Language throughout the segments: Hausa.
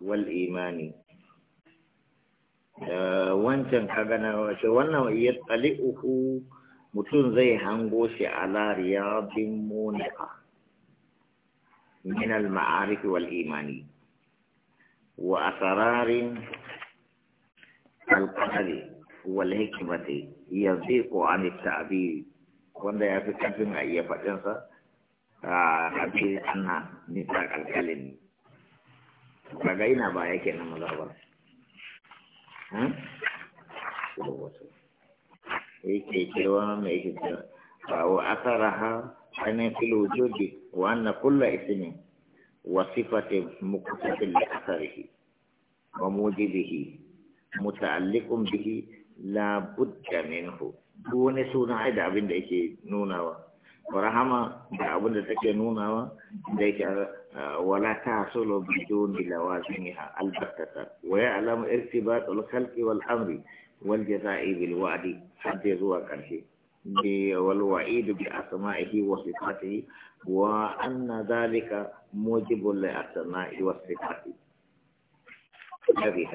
wal imani wancan kaga na wace wannan ya tsali uku mutum zai hango shi a lariya bin munika min al ma'arif wal imani wa asararin al qadari wal hikmati ko an ta'bir wanda ya fi kafin a iya faɗinsa a hadisi ana nisa ne. kaga ina ba yake nan mazhabar hmm? yake cewa mai yake cewa fa wa asaraha an fil wujudi wa anna kulla ismin wa sifatin muqtasil li asarihi wa bihi muta'alliqun bihi la budda minhu duk wani suna da abin da yake nunawa rahama da abin da take nunawa da yake ah, wala ta solo bidon bi lawazimiha albattata wa ya'lamu irtibat al-khalqi wal amri wal jazai bil wa'di hadda zuwa karshe bi wal wa'id bi asma'ihi wa sifatihi wa anna dhalika mujibul li asma'i wa sifatihi Thank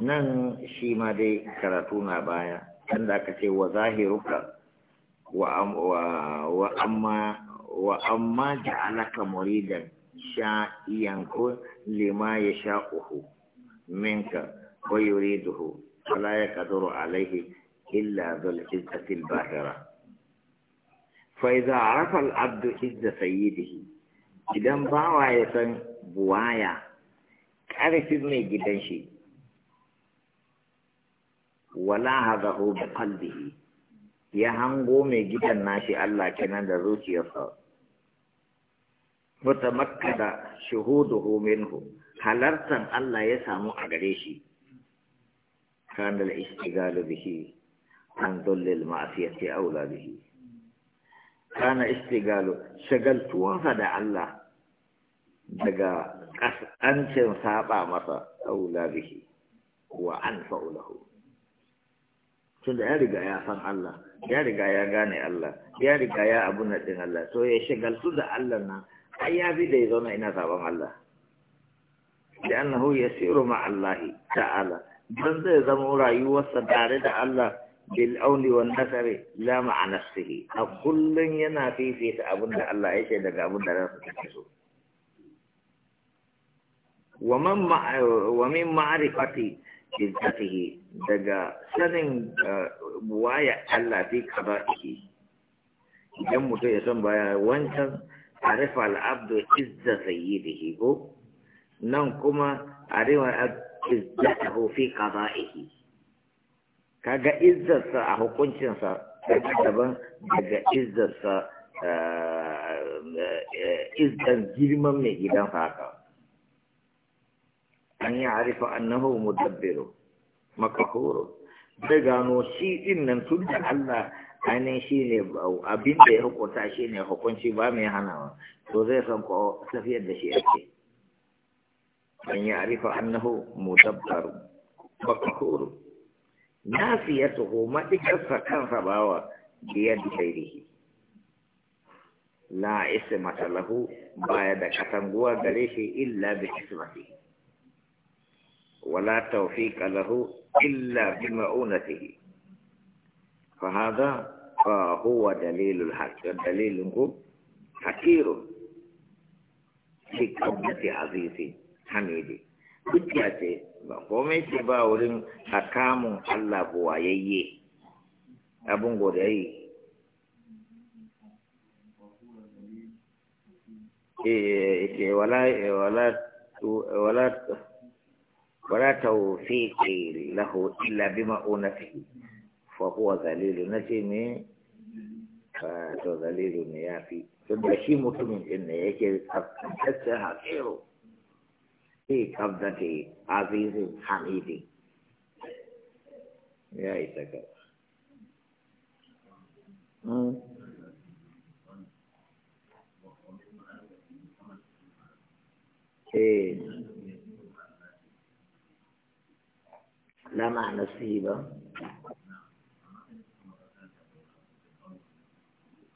nan shi ma dai karatu na baya inda aka ce wa zahiruka wa amma wa amma ja'alaka muridan sha'iyan ko lima ya sha'uhu minka wa yuriduhu fala kaduru alaihi illa dhul izzati al-bahira fa idza arafa abdu izza sayyidihi idan bawa ya san buwaya karfin mai gidan shi Wala bi qalbihi ya hango mai gidan nashi Allah kenan da zuciyarsa da shuhuduhu minhu halartan Allah ya samu a gare shi kan da istigalu bihi an dullil ma'asiyati aula bihi kana istigalu shagaltuwansa da Allah daga kasancin saba masa aula bihi wa anfa'u lahu tun da ya riga ya san Allah ya riga ya gane Allah ya riga ya abu na ɗin Allah to ya shagaltu da Allah na, ai ya bi da ya zauna ina sabon Allah da annahu ya siru ma Allah ta'ala dan zai zama rayuwarsa tare da Allah bil auni nasari la ma'a nafsihi a kullun yana fifita abin da Allah ya ce daga abin da ransa take so wa min ma'rifati izzatihi daga sanin waya Allah fi qada'ihi idan mutum ya san baya wancan arifa al-abdu izza sayyidihi ko nan kuma arifa izzatahu fi qada'ihi kaga izzarsa a hukuncinsa daban daga izzarsa izzan girman mai gidan haka an yi arifa annahu mudabbiru makahuru zai gano shi din nan tun da Allah ainihin shi ne abin da ya hukunta shi ne hukunci ba mai hanawa to zai san ko tafiyar da shi ya ake an yi arifa annahu mudabbaru makahuru nasiyatuhu madikarsa kan sabawa biyar da shairihi la ismata lahu baya da katanguwa gare shi illa bi ismatihi ولا توفيق له إلا بمعونته فهذا هو دليل الحق دليل حكير لكبرة عزيز حميد كتبت قومت باور حكام الله هو يي أبن قرأي ولا ولا ولا ولا توفيقي له إلا بمؤونته فهو ذليل نجمي فتذليل نيافي tunda shi mutumin din ne yake tsaftaccen haƙero a kabdate azizin hamidin ya isa ka لا معنى نفسه بقى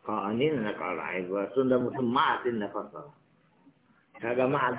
قوانين نقع العيب وسنة مسمعة نفسها هذا مع